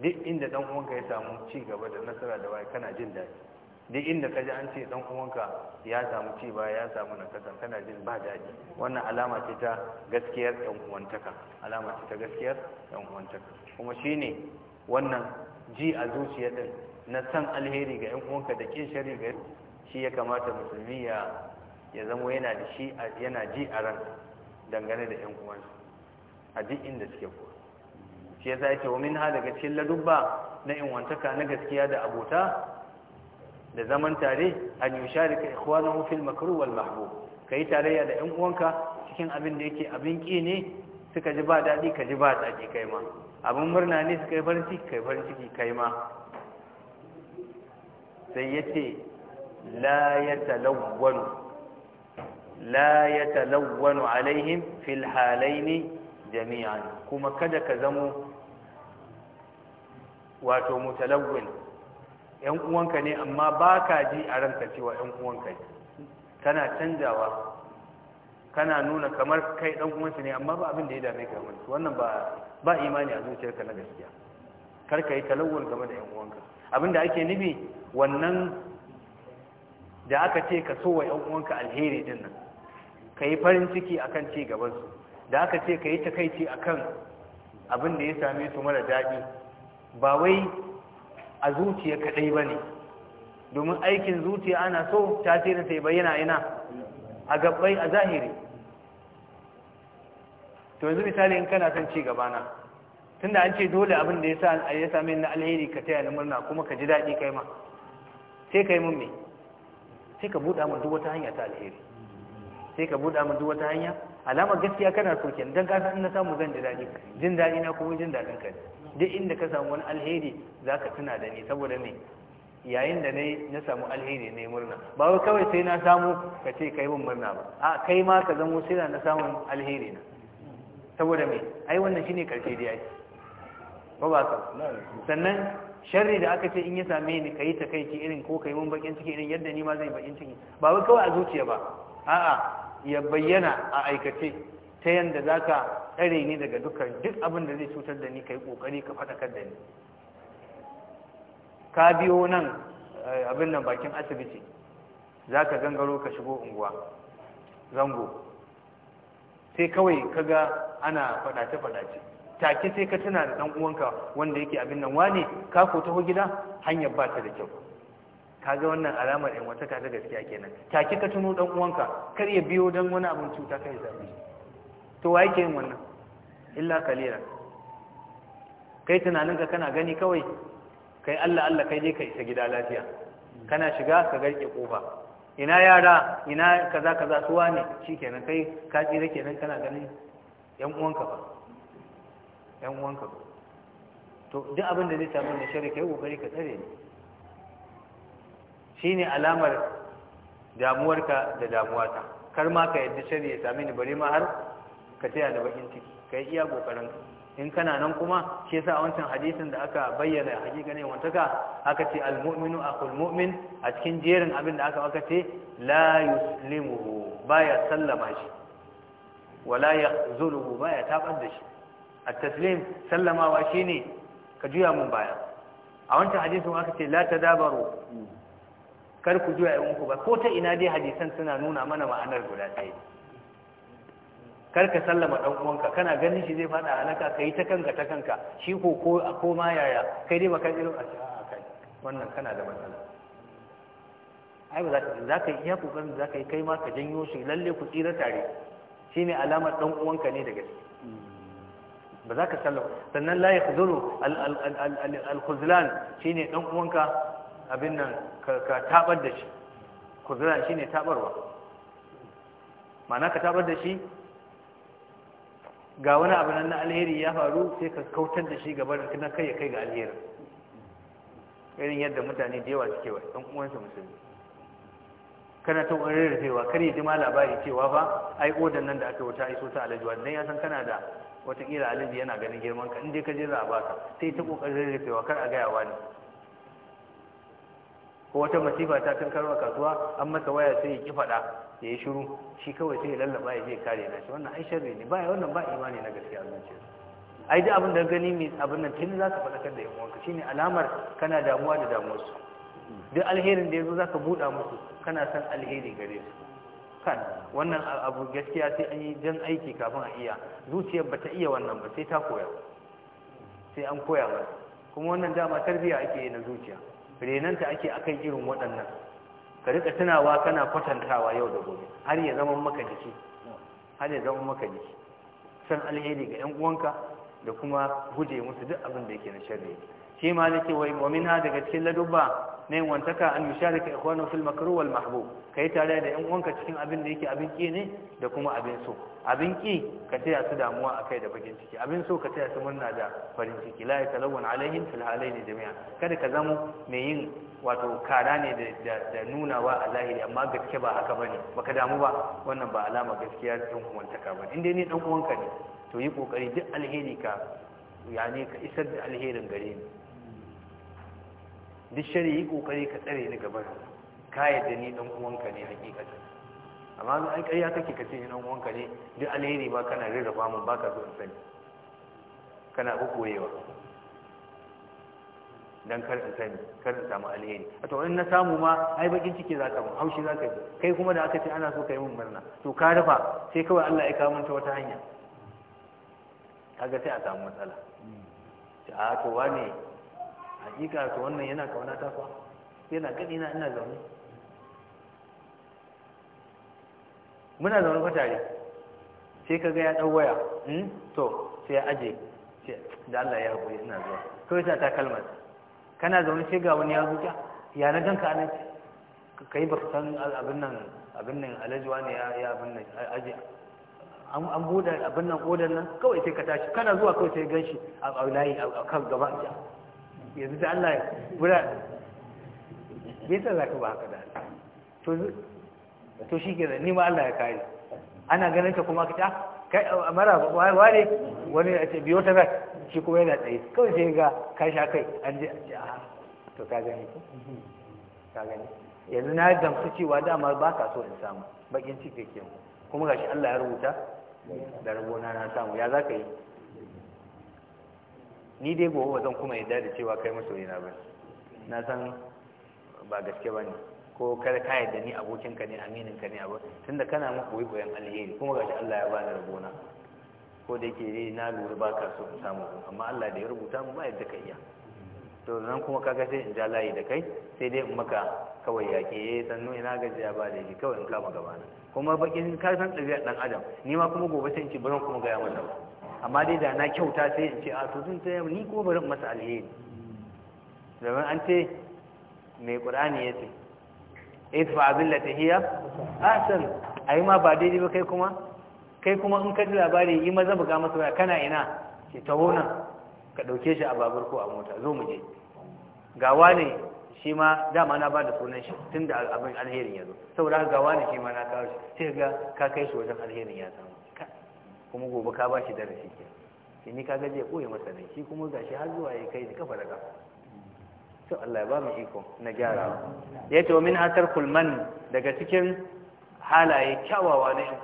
duk inda ɗan uwanka ya samu ci gaba da nasara da wai kana jin daɗi duk inda ka ji an ce dan uwanka ya samu ci ba ya samu nakasa tana jin ba daɗi wannan alama ce ta gaskiyar ɗan uwantaka alama ce ta gaskiyar ɗan uwantaka kuma shine wannan ji a zuciya din na san alheri ga ɗan uwanka da kin shari ga shi ya kamata musulmi ya ya zamo yana da shi yana ji a ran dangane da ɗan uwansa a duk inda suke ko shi yasa yake wa min ha daga cikin ladubba na in uwantaka na gaskiya da abota da zaman tare an yusharika ikhwanahu fil makruh wal mahbub kai tarayya da ɗan uwanka cikin abin da yake abin ki ne suka ji ba daɗi ka ji ba daɗi kai ma abin murna ne suka yi farin ciki kai farin ciki kai ma sai yace la ya la yatalawwanu alaihim fil ne jami'an kuma kada ka zamo wato mutalawwin yan uwanka ne amma ba ka ji a ranka cewa yan uwanka ne kana canjawa kana nuna kamar kai dan uwansu ne amma ba abin da ya dame ka wani wannan ba ba imani a zuciyarka na gaskiya kar ka yi talawwal game da yan uwanka abin da ake nufi wannan da aka ce ka so wa yan uwanka alheri din nan ka yi farin ciki akan ci gaban su da aka ce ka yi takaici akan abin da ya same su mara daɗi ba wai a zuciya kaɗai ba ne domin aikin zuciya ana so tasirin sai bayyana ina a gabbai a zahiri to yanzu misali in kana son ci gaba na tunda an ce dole abin da yasa ya sami na alheri ka taya ni murna kuma ka ji daɗi kai ma sai kai mun me sai ka buɗa mu duk wata hanya ta alheri sai ka buɗa mu duk wata hanya alamar gaskiya kana so kenan don ka san na samu zan ji daɗi jin daɗi na kuma jin daɗin kai duk inda ka samu wani alheri za ka tuna da ni saboda me yayin da na samu alheri ne murna ba wai kawai sai na samu ka ce kai mun murna ba a kai ma ka zamo sai na samun alheri na saboda me ai wannan shine karshe dai ai ba ba ka sannan sharri da aka ce in ya same ni kai ta kai ki irin ko kai mun bakin ciki irin yadda ni ma zai bakin ciki ba wai kawai a zuciya ba a'a ya bayyana a aikace ta yadda za ka tsare ni daga dukkan duk abin da zai cutar da ni ka yi ƙoƙari ka faɗakar da ni ka biyo nan eh, abin nan bakin asibiti za ka gangaro ka shigo unguwa zango sai kawai ka ga ana faɗace-faɗace take sai ka tuna da ɗan uwanka wanda yake abin nan wane ka ko taho gida hanyar ba ta da kyau Ka ga wannan alamar yan wata kaga gaskiya kenan take ka tuno dan uwanka kar ya biyo don wani abin cuta kai zabi to wa yake yin wannan illa kalila kai tunaninka kana gani kawai kai Allah Allah kai je ka isa gida lafiya kana shiga ka garke kofa ina yara ina kaza kaza suwa ne shikenan kai ka tsira kenan kana ganin yan uwanka ba yan uwanka ba to duk abin da zai samu na shari kai kokari ka tsare ne shine alamar damuwarka da damuwata kar ma ka yadda shari ya same ni bare ma har ka taya da bakin ciki ka yi iya kokarin in kana nan kuma ke sa a wancan hadisin da aka bayyana hakika ne wantaka aka ce almu'minu aqul mu'min a cikin jerin abin da aka aka ce la yuslimuhu baya sallama shi wala yakhzuluhu baya tabar da shi at-taslim sallamawa shine ka juya mun baya a wancan hadisin aka ce la tadabaru kar ku juya in ku ba ko ta ina dai hadisan suna nuna mana ma'anar guda ɗaya kar ka sallama dan uwanka kana ganin shi zai fada halaka kai ta kanka ta kanka shi ko ko a koma yaya kai dai baka irin a ah, kai wannan kana da matsala ai ba za ka iya kokarin za ka yi kai ma ka janyo shi lalle ku tsira tare shine alamar dan uwanka ne daga gaske ba za ka sallama sannan la yakhzuru al-khuzlan shine dan uwanka abin nan ka tabar da shi khuzlan shine tabarwa ma'ana ka tabar da shi ga wani abu nan na alheri ya faru sai ka kautar da shi gaba da kai ya kai ga alherin irin yadda mutane da yawa suke wa ɗan uwansa musulmi kana ta ƙwarar rufewa kar ya ji ma labari cewa ba ai odan nan da aka wuta iso ta alajuwa dan ya san kana da watakila alaji yana ganin girman ka inda ka jira a baka sai ta ƙoƙarin rufewa kar a gaya wani ko wata masifa ta kan karwa kasuwa an masa waya sai ya ƙi faɗa da ya shiru shi kawai sai lallaba ya je kare na shi wannan ai sharri ne baya wannan ba imani na gaskiya zuciya ai da abin da gani mai abin nan tun zaka fadakar da yan uwanka shine alamar kana damuwa da damuwarsu duk alherin da yazo zaka buɗa musu kana san alheri gare su kan wannan abu gaskiya sai an yi jan aiki kafin a iya zuciyar ba ta iya wannan ba sai ta koya sai an koya mata kuma wannan dama tarbiya ake yi na zuciya renanta ake akan irin waɗannan ka rika tunawa kana kwatantawa yau da gobe har ya zama maka jiki har ya zama maka jiki san alheri ga yan uwanka da kuma guje musu duk abin da yake na sharri shi ma nake wai wa ha daga cikin ladubba ne wantaka an yusharika ikhwanu fil makruh wal mahbub kai tare da yan uwanka cikin abin da yake abin ki ne da kuma abin so abin ki ka taya su damuwa akai da bakin ciki abin so ka taya su murna da farin ciki la yatalawwan alaihim fil halaini jami'a kada ka zamo mai yin wato kara ne da nuna wa a lahiri amma gaske ba haka bane baka damu ba wannan ba alama gaskiya ɗan uwantaka ba inda ne dan uwanka ne to yi ƙoƙari duk alheri ka yani ka isar da alherin gare ni duk shari yi ƙoƙari ka tsare ni gaban ka yadda ni dan uwanka ne hakikata amma ai ƙarya kake ka ce ni dan uwanka ne duk alheri ba kana rarraba mun baka zo in sani kana kokoyewa dan kar in sani kar in samu alheri to in na samu ma ai bakin ciki za ka mun haushi za ka yi kai kuma da aka ce ana so ka yi mun murna to ka rufa sai kawai Allah ya kawo mun ta wata hanya kaga sai a samu matsala a to wane hakika to wannan yana kauna ta fa yana gani na ina zaune muna zaune fa tare sai kaga ya dau waya hmm? to sai ya aje da Allah ya haƙuri ina zuwa kawai ta kalmar kana zaune sai ga wani ya zuciya ya na ganka anan kai baka san abin nan abin nan alajuwa ne ya abin nan aje an buɗe abin nan ƙodan nan kawai sai ka tashi kana zuwa kawai sai ganshi a layi a kan gaba yanzu ta Allah ya bura ta za ka ba haka da to shi ke ni ma Allah ya kayi ana ganin ta kuma ka ta ah, kai mara wane wani a ce biyo ta zai shi kuma yana tsaye kawai sai ga ka sha kai an je a ce a to ka gani ko ka gani yanzu na gamsu cewa dama ba ka so in samu bakin ciki ke kuma gashi Allah ya rubuta da rabona na samu ya za ka yi ni dai gobe ba zan kuma yadda da cewa kai na ba na san ba gaske ba ne ko kar ka yadda ni abokinka ne aminin ka ne abu tunda kana mu koyi koyan alheri kuma gashi Allah ya bani rabona ko da yake dai na lura ba ka so samu samu amma Allah da ya rubuta mu ba yadda ka iya to nan kuma kaga sai in ja layi da kai sai dai in maka kawai yake. Eh, ya sannu ina gajiya ba da shi kawai in kama gaba na kuma bakin ka san ɗabi'a ɗan adam ni ma kuma gobe sai in ce ba kuma gaya masa ba amma dai da na kyauta sai in ce a to tun ta ni kuma bari masa alheri domin an ce mai ƙur'ani ya ce idfa abin lati hiya ahsan ayi ma ba daidai ba kai kuma kai kuma in ka ji labari yi maza buga masa waya kana ina ke taho nan ka ɗauke shi a babur ko a mota zo mu je gawa ne shi ma dama na ba da sunan shi tun da abin alherin ya zo saboda haka gawa ne shi ma na kawo shi sai ga ka kai shi wajen alherin ya samu kuma gobe ka ba shi darasi ke shi ni gaji ya koyi masa ne shi kuma gashi har zuwa ya kai ni kafa da kafa to Allah ya ba mu iko na gyara ya ce wa min atar kulman daga cikin halaye kyawawa na yan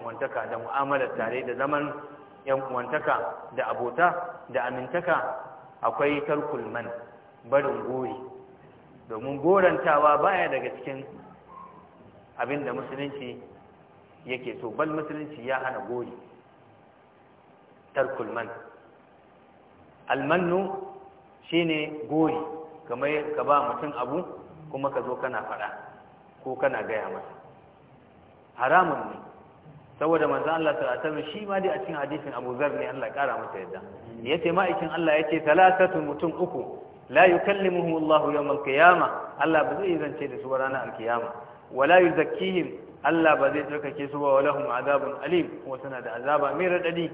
da mu'amalar tare da zaman yan uwantaka da abota da amintaka akwai tarkul barin gori domin gorantawa baya daga cikin abin da musulunci yake so bal musulunci ya hana gori tarkul man shi shine gori kamar ka ba mutum abu kuma ka zo kana faɗa ko kana gaya masa haramun ne saboda manzo Allah ta tabbata shi ma dai a cikin hadisin Abu Zar ne Allah kara masa yadda yace ma ikin Allah yace talatatu mutum uku la yukallimuhum Allah yawm al-qiyamah Allah ba zai zance da su ranar al-qiyama wala yuzakkihim Allah ba zai tsarkake su ba walahum azabun alim kuma suna da azaba mai radadi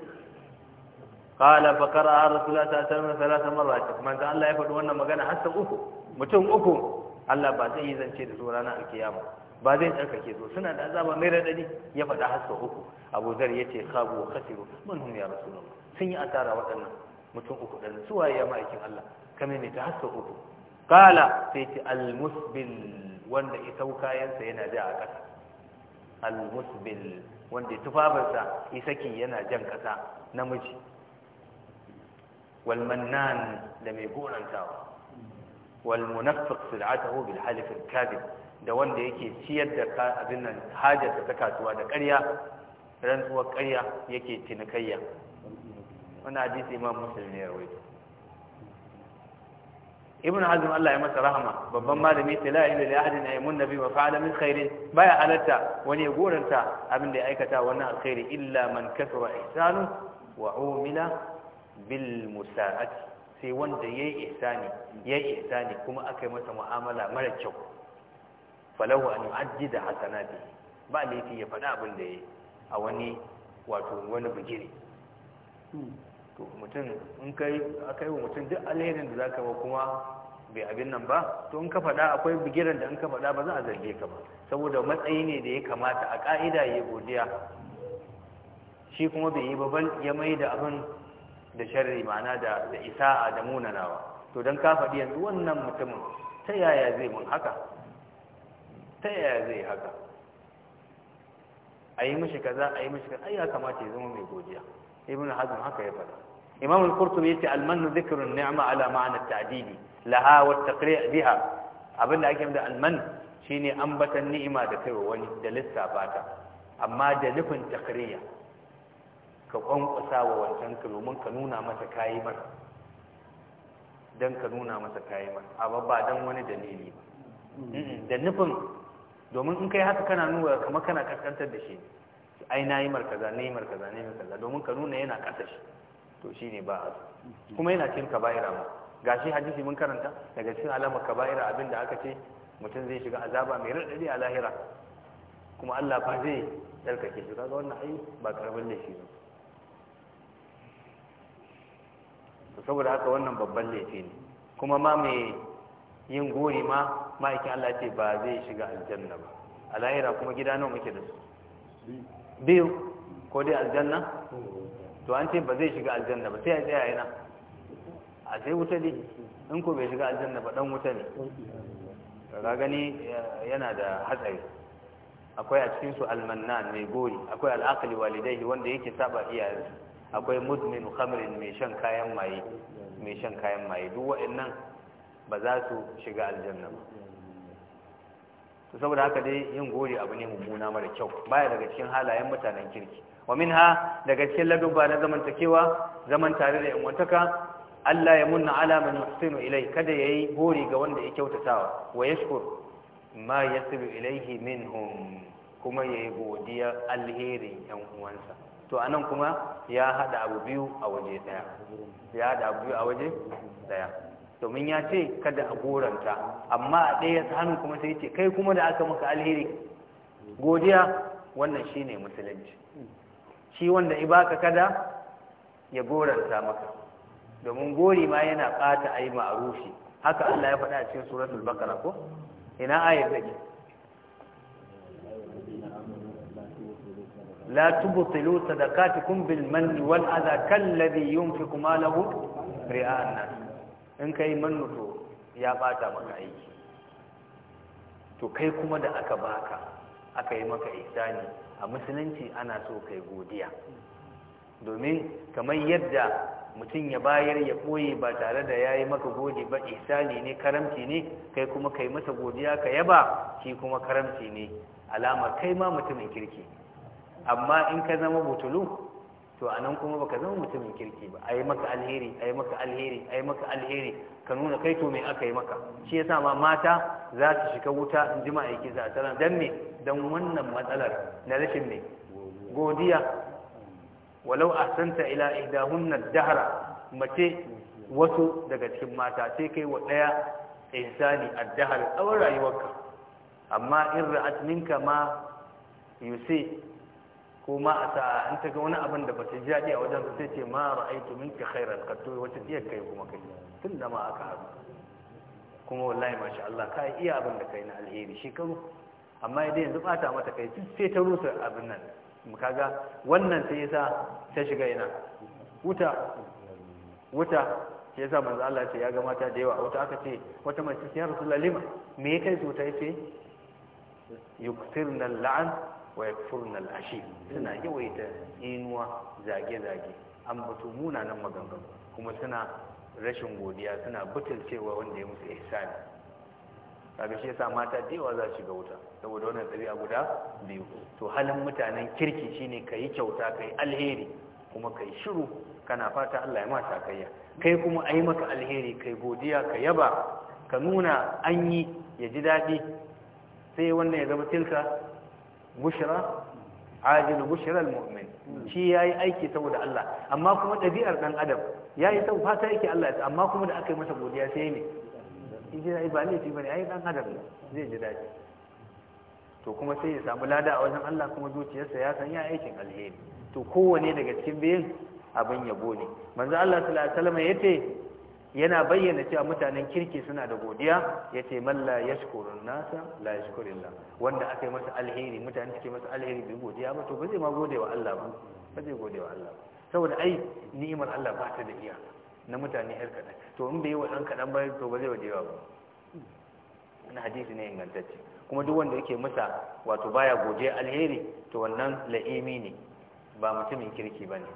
qala fa qara'a rasulullah sallallahu alaihi wasallam thalatha marrat manzo Allah ya faɗi wannan magana har sau uku mutum uku Allah ba zai zance da su rana al ba zai tsarkake su suna da azaba mai radadi ya faɗa haska uku abu zar ya ce khabu wa khasiru man hum ya sun yi asara waɗannan mutum uku ɗan su waye ya ma'aikin Allah kamar mai ta haska uku kala sai ce almusbil wanda ya kayansa yana ja a ƙasa almusbil wanda tufafinsa isaki yana jan ƙasa namiji walmannan da mai gorantawa والمنفق سلعته Halifin, الكاذب da wanda yake ciyar da abin nan hajarsa ta kasuwa da ƙarya rantsuwar ƙarya yake tinikayya wani hadisi imam musulmi ne ya rawaito ibn hazm Allah ya masa rahama babban malami ta la ilaha illa ahadin ayyamun nabi wa fa'ala min khairin baya halatta wani goranta abin da ya aikata wannan alkhairi illa man kasara ihsanu wa umila bil musa'ati sai wanda yayi ihsani yayi ihsani kuma aka yi masa mu'amala mara kyau falahu an yuhajjida hasanati ba laifi ya faɗa abin da ya a wani wato wani bigire to mutum in kai akai wa mutum duk alherin da zaka ba kuma bai abin nan ba to in ka faɗa akwai bigiran da in ka faɗa ba za a zarge ka ba saboda matsayi ne da ya kamata a ka'ida ya godiya shi kuma bai yi babal ya mai da abin da sharri ma'ana da isa'a da munanawa to dan ka faɗi yanzu wannan mutumin ta yaya zai mun haka ta yaya zai haka a yi mashi kaza a yi mashi kaza ai ya kamata ya zama mai godiya ibn hazm haka ya faɗa imam al-qurtubi yace al-mannu dhikrun nima ala ma'na tadidi laha wa taqri biha abinda ake da al mann shine ambatan ni'ima da kai wani da lissafa ta amma da nufin takriya ka kwankwasa wa wancan ka domin ka nuna masa kayi mar dan ka nuna masa kayi mar amma ba dan wani dalili ba da nufin domin in kai haka kana nuna kamar kana kaskantar da shi ai na yi markaza na yi markaza na yi markaza domin ka nuna yana kasa shi to shi ne ba a kuma yana cin kaba'ira ma ga shi hadisi mun karanta daga cikin alama kaba'ira abin da aka ce mutum zai shiga azaba mai raɗaɗi a lahira kuma allah fa zai ɗarkake shi ga wannan ai ba karamin laifi ba saboda haka wannan babban laifi ne kuma ma mai yin gori ma ma'aikin Allah ce ba zai shiga aljanna ba a lahira kuma gida nawa muke da su biyu ko dai aljanna to an ce ba zai shiga aljanna ba sai a tsaya yana a sai wuta ne in ko bai shiga aljanna ba dan wuta ne ka yana da hatsari akwai a cikin su almannan mai gori akwai al'aqli walidai wanda yake saba su akwai mudmin khamrin mai shan kayan maye mai shan kayan maye duk waɗannan ba za su shiga aljanna ba to saboda haka dai yin gori abu ne mummuna mara kyau baya daga cikin halayen mutanen kirki wa minha daga cikin ladubba na zamantakewa zaman tare da yanwantaka Allah ya munna ala man yusinu ilai kada yayi gori ga wanda ya kyautatawa wa yashkur ma yasbu ilaihi minhum kuma yayi godiya alherin yan uwansa to anan kuma ya hada abu biyu a waje daya ya hada abu biyu a waje daya domin ya ce kada a goranta amma a ɗaya hannun kuma sai ce kai kuma da aka maka alheri godiya wannan shine musulunci shi wanda ibaka kada ya goranta maka domin gori ma yana ɓata yi ma'arushi haka Allah ya faɗa a cikin suratul baqara ko ina ayar take لا تبطلوا wal بالمن والأذى كالذي ينفق ماله رئاء الناس in ka yi mannuto ya bata maka aiki to kai kuma da aka baka aka yi maka isani a musulunci ana so kai godiya domin kamar yadda mutum ya bayar ya ɓoye ba tare da ya yi maka gode ba isani ne karamci ne kai kuma kai masa godiya ka yaba shi kuma karamci ne alamar kai ma mutumin kirki amma in ka zama butulu to a nan kuma baka zama mutumin kirki ba a yi maka alheri a yi maka alheri a yi maka alheri ka nuna kai to me aka yi maka shi yasa ma mata za su shiga wuta in ji ma'aiki za a dan me wannan matsalar na rashin me godiya walau ahsanta ila ihdahunna dahara. mace wasu daga cikin mata sai kai wa daya ihsani ad-dahr tsawon rayuwarka amma in ra'at minka ma yusi ko ma a sa'a in ta ga wani abin da ba ta a wajen sai ce ma ra'aitu minki khairan to wata iya kai kuma kai tun da ma aka haɗu kuma wallahi masha Allah ka iya abin da kai na alheri shekaru amma idan yanzu bata mata kai sai ta rusa abin nan mu kaga wannan sai yasa ta shiga ina wuta wuta sai yasa manzo Allah ce ya ga mata da yawa wuta aka ce wata mace ya rasulullahi lima me kai zo ta yace yuktirna la'an. wa yakfurna ashe? suna yawaita inuwa zage-zage an batu munanan maganganu kuma suna rashin godiya suna butulcewa wanda ya musu ihsani kaga shi yasa mata da yawa za su ga wuta saboda wannan ɗabi'a guda biyu to halin mutanen kirki shine kai kyauta kai alheri kuma kai shiru kana fata Allah ya ma sakayya kai kuma ayi maka alheri kai godiya ka yaba ka nuna an yi ya ji daɗi sai wannan ya zama tilka bushra ajil bushra almu'min shi yayi aiki saboda Allah amma kuma dabi'ar dan adam yayi ta fata yake Allah ya amma kuma da aka yi masa godiya sai ne idan ai ba ne shi bane ai dan adam zai ji daɗi to kuma sai ya samu lada a wajen Allah kuma zuciyarsa ya san ya aikin alheri to kowane daga cikin biyin abin yabo ne manzo Allah sallallahu alaihi wasallam yace yana bayyana cewa mutanen kirki suna da godiya ya ce malla ya shukurun nasa la ya shukurin la wanda aka yi masa alheri mutane suke masa alheri bai godiya ba to ba zai ma gode wa Allah ba ba zai gode wa Allah ba saboda ai ni'imar Allah ba ta da iya na mutane yar kaɗan to in bai yi wa ɗan kaɗan ba to ba zai wa da yawa ba wani hadisi ne ingantacce kuma duk wanda yake masa wato baya godiya alheri to wannan la'imi ne ba mutumin kirki ba ne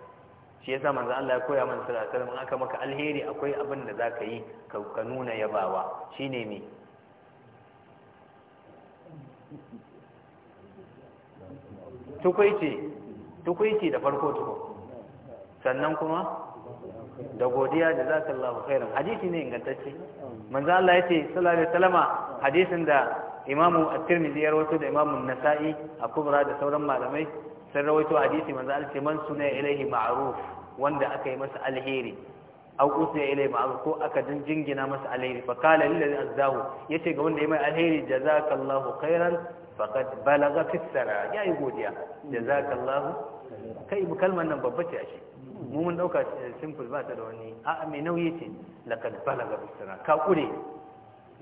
shi ya sa manzo Allah ya koya mana sallallahu alaihi wasallam aka maka alheri akwai abin da zaka yi ka nuna yabawa shine me tukuici tukuici da farko tuko sannan kuma da godiya da za Allahu khairan hadisi ne ingantacce manzo Allah ya ce sallallahu alaihi wasallam hadisin da Imam at-tirmidhi ya rawaito da Imam an-nasa'i a kubra da sauran malamai sun rawaito hadisi manzo Allah ce man suna ilaihi ma'ruf wanda aka yi masa alheri aw usna ilaihi ma'ruf ko aka jingina masa alheri fa qala lil ladhi azzahu yace ga wanda ya mai alheri jazakallahu khairan faqad balagha fi sara yi godiya jazakallahu kai bu kalman nan babba ce shi mu mun dauka simple ba ta da wani a'a me nauyi ce laqad balagha fi sara ka kure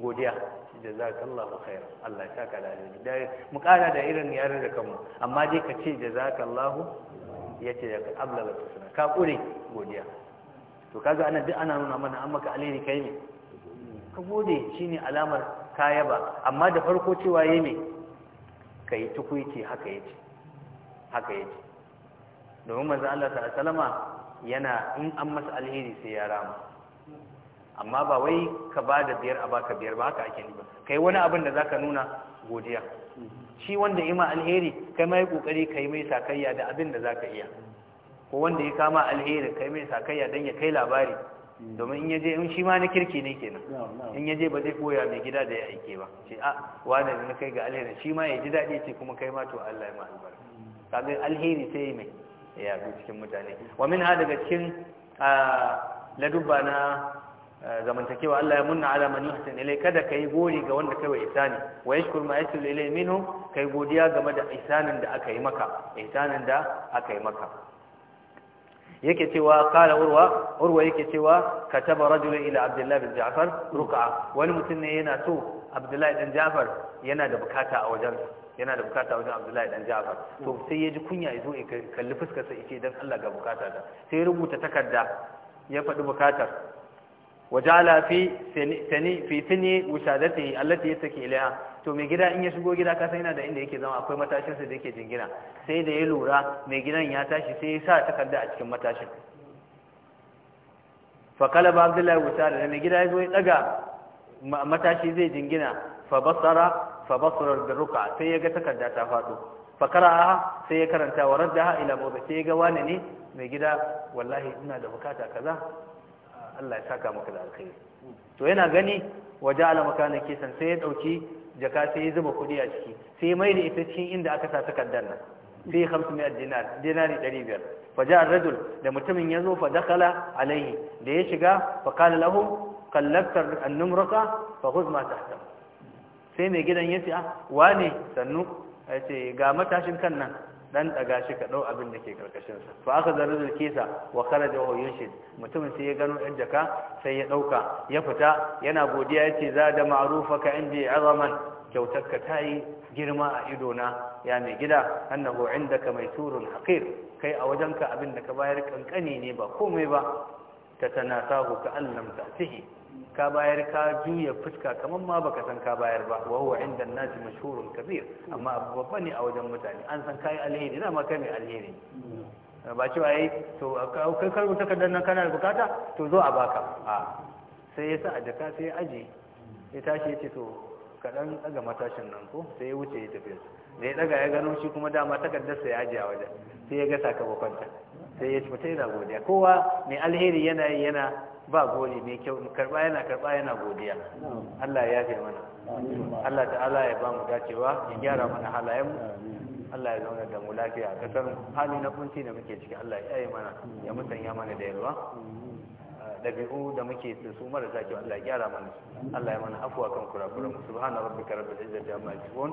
godiya jazakallahu khairan Allah ya saka da alheri dai mu kara da irin yaran da kanmu amma dai ka ce jazakallahu yace ya ablaga tusna ka kure godiya to kaga ana duk ana nuna mana an maka alheri kai ne ka gode shine alamar kaya ba amma da farko cewa yayi me kai tukuici haka yace haka yace domin manzo Allah sallallahu alaihi yana in an masa alheri sai ya rama amma ba wai ka ba da biyar a baka biyar ba haka ake ba kai wani abin da zaka nuna godiya shi wanda ima alheri kai mai kokari kai mai sakayya da abin da zaka iya ko wanda ya kama alheri kai mai sakayya dan ya kai labari domin in yaje in shi ma na kirki ne kenan in yaje ba zai koya mai gida da ya aike ba ce a ah, wani da na kai ga alheri shi ma ya ji daɗi ce kuma kai ma to Allah ya ma albarka kaga alheri sai mai ya cikin mutane wa min ha daga cikin ah, ladubba na zamantakewa Allah ya munna ala man yuhsin ilai kada kai gori ga wanda kai wa ihsani wa yashkur ma yasul ilai minhu kai godiya game da ihsanin da aka yi maka ihsanin da aka yi maka yake cewa kala urwa urwa yake cewa kataba rajulun ila abdullah bin ja'far wani mutum ne yana so Abdullahi dan ja'far yana da bukata a wajen yana da bukata wajen abdullahi dan jafar to sai ya ji kunya ya zo ya kalli fuskarsa ya ce don allah ga bukata sai ya rubuta takarda ya faɗi bukatar wajala fi tani fi tani wushadatihi allati yasaki ilaiha to mai gida in ya shigo gida ka san yana da inda yake zama akwai matashinsa sa da yake jingina sai da ya lura mai gidan ya tashi sai ya sa takarda a cikin matashin fa kalaba abdullahi wusada da mai gida ya zo ya daga matashi zai jingina fa basara fa basara da ruka sai ya ga takarda ta fado fa qara'a sai ya karanta wa raddaha ila mawdu sai ya ga wani ne mai gida wallahi ina da bukata kaza Allah ya saka maka da alkhairi to yana gani waje ala kisan sai ya dauki jaka sai ya zuba kuɗi a ciki sai mai da ita cikin inda aka sa takardar nan sai 500 dinar dinari 500 faja ar-rajul da mutumin yazo fa dakala alaihi da ya shiga fa qala lahu qallabta an-numrata fa khudh ma tahtam sai mai gidan yace ah wane sannu ce ga matashin kan nan dan daga shi ka dau abin da ke karkashin sa fa aka zarra kisa wa kharaja wa yunshid mutumin sai ya gano ɗan jaka sai ya dauka ya fita yana godiya yace za da ma'rufaka indi azaman kyautarka ta girma a idona ya mai gida annahu indaka maiturun haqir kai a wajenka abin da ka bayar kankani ne ba komai ba ta tanasahu ka allan ta'tihi ka bayar ka juya fuska kamar ma baka san ka bayar ba wa huwa inda nasi mashhurun kabir amma babba ne a wajen mutane an san kai alheri na ma kai mai alheri ba cewa yayi to kai karbu takardar nan kana da bukata to zo a baka a sai ya sa a jaka sai ya aje ya tashi ya ce to kaɗan ɗaga matashin nan ko sai ya wuce ya tafi da ya ɗaga ya gano shi kuma dama sai ya ajiye a wajen sai ya ga sakamakonta sai ya fita da godiya kowa mai alheri yana yana ba gori mai kyau karba yana karba yana godiya Allah ya fi mana Allah ta'ala ya ba mu dacewa ya gyara mana halayen mu Allah ya zauna da mu lafiya a kasar hali na kunci da muke ciki Allah ya yi mana ya ya mana da yalwa ɗabi'u da muke su su mara kyau Allah ya gyara mana Allah ya mana afuwa kan kurakuran subhana rabbika rabbil izzati amma yasifun